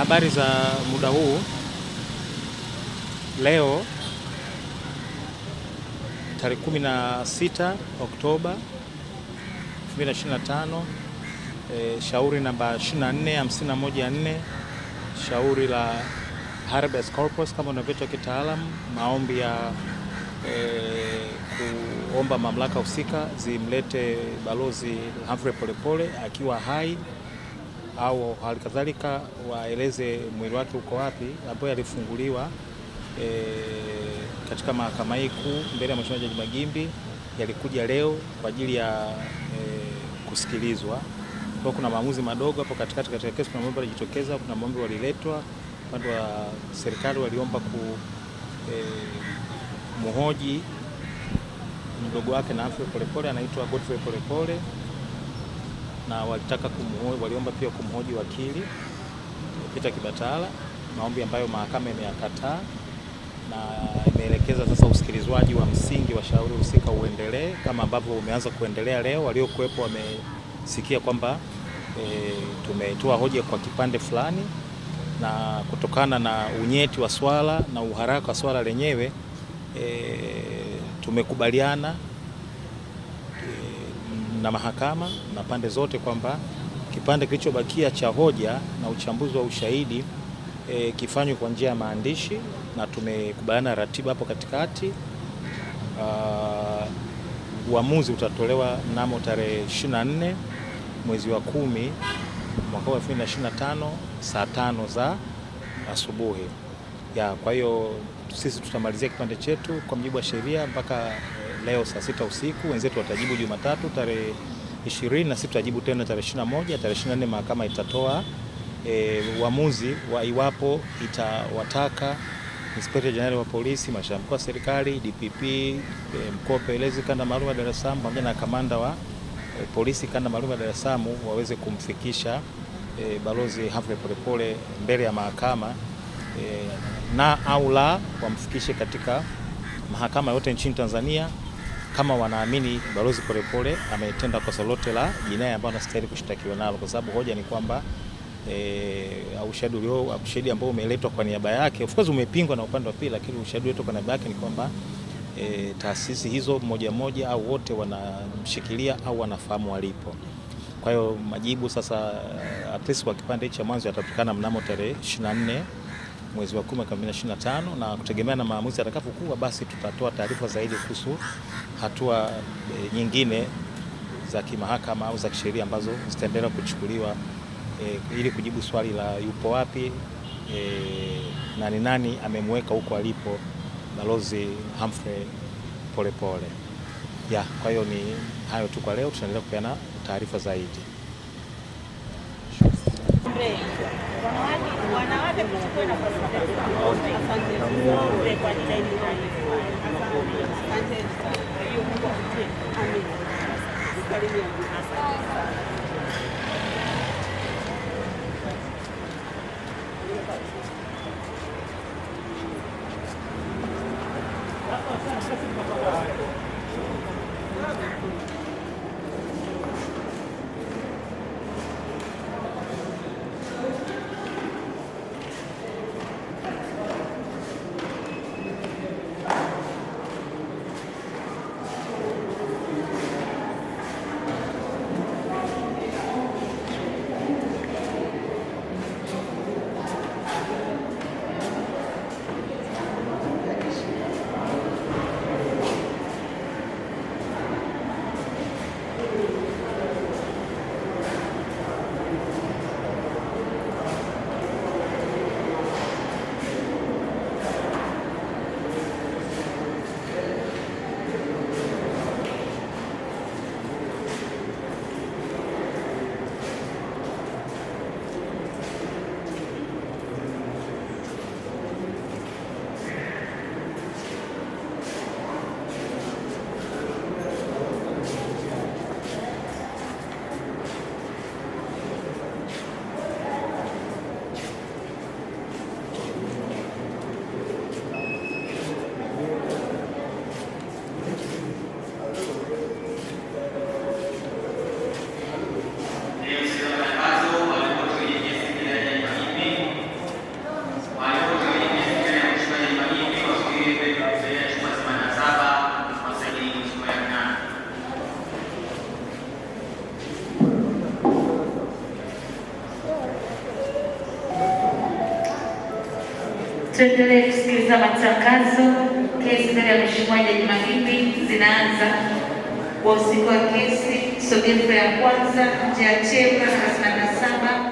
Habari za muda huu. Leo tarehe 16 Oktoba 2025, e, eh, shauri namba 24514 shauri la habeas corpus kama unavyoitwa kitaalamu, maombi ya e, kuomba mamlaka husika zimlete Balozi Humphrey Polepole akiwa hai au halikadhalika waeleze mwili wake uko wapi, ambaye alifunguliwa e, katika mahakama hii kuu mbele ya Mheshimiwa Jaji Magimbi yalikuja leo kwa ajili ya e, kusikilizwa. Kwa kuna maamuzi madogo hapo katikati katika kesi, kuna mambo yalijitokeza, kuna mambo waliletwa upande wa serikali, waliomba ku e, muhoji mdogo wake na Afya Polepole anaitwa Godfrey Polepole na walitaka kumuhoji, waliomba pia kumhoji wakili Peter Kibatala, maombi ambayo mahakama imeyakataa na imeelekeza sasa usikilizwaji wa msingi wa shauri husika uendelee kama ambavyo umeanza kuendelea leo. Waliokuwepo wamesikia kwamba e, tumetoa hoja kwa kipande fulani, na kutokana na unyeti wa swala na uharaka wa swala lenyewe e, tumekubaliana e, na mahakama na pande zote kwamba kipande kilichobakia cha hoja na uchambuzi wa ushahidi e, kifanywe kwa njia ya maandishi, na tumekubaliana ratiba hapo katikati. Uamuzi utatolewa mnamo tarehe 24 mwezi wa kumi mwaka 2025 saa tano za asubuhi ya. Kwa hiyo sisi tutamalizia kipande chetu kwa mujibu wa sheria mpaka e, leo saa sita usiku, wenzetu watajibu Jumatatu tarehe ishirini na sisi tutajibu tena tarehe ishirini na moja tarehe ishirini na nne mahakama itatoa e, uamuzi wa iwapo itawataka Inspekta Jenerali wa Polisi, Mashauri ya Mkuu wa Serikali, DPP, e, mkuu wa upelelezi kanda maalum ya Dar es Salaam pamoja na kamanda wa e, polisi kanda maalum ya Dar es Salaam waweze kumfikisha e, Balozi Humphrey Polepole mbele ya mahakama e, na au la wamfikishe katika mahakama yote nchini Tanzania kama wanaamini Balozi Polepole ametenda kosa lote la jinai ambayo anastahili kushtakiwa nalo, kwa sababu hoja ni kwamba e, ushahidi ulio ushahidi ambao umeletwa kwa niaba yake of course umepingwa na upande wa pili, lakini ushahidi wetu kwa niaba yake ni kwamba e, taasisi hizo moja moja au wote wanamshikilia au wanafahamu walipo. Kwa hiyo majibu sasa at least kwa kipande cha mwanzo yatapatikana mnamo tarehe 24 mwezi wa 10 2025, na kutegemea na maamuzi atakapokuwa, basi tutatoa taarifa zaidi kuhusu hatua e, nyingine za kimahakama au za kisheria ambazo zitaendelea kuchukuliwa e, ili kujibu swali la yupo wapi e, na ni nani amemweka huko alipo Balozi Humphrey Polepole. Ya, kwa hiyo ni hayo tu kwa leo, tutaendelea kupeana taarifa zaidi wanawake kuchukua Thank you. Tuendelee kusikiliza matangazo. Kesi mbele ya Mheshimiwa Jaji Magimbi zinaanza kwa usiku wa kesi, sogea ya kwanza nje ya chemba thelathini na saba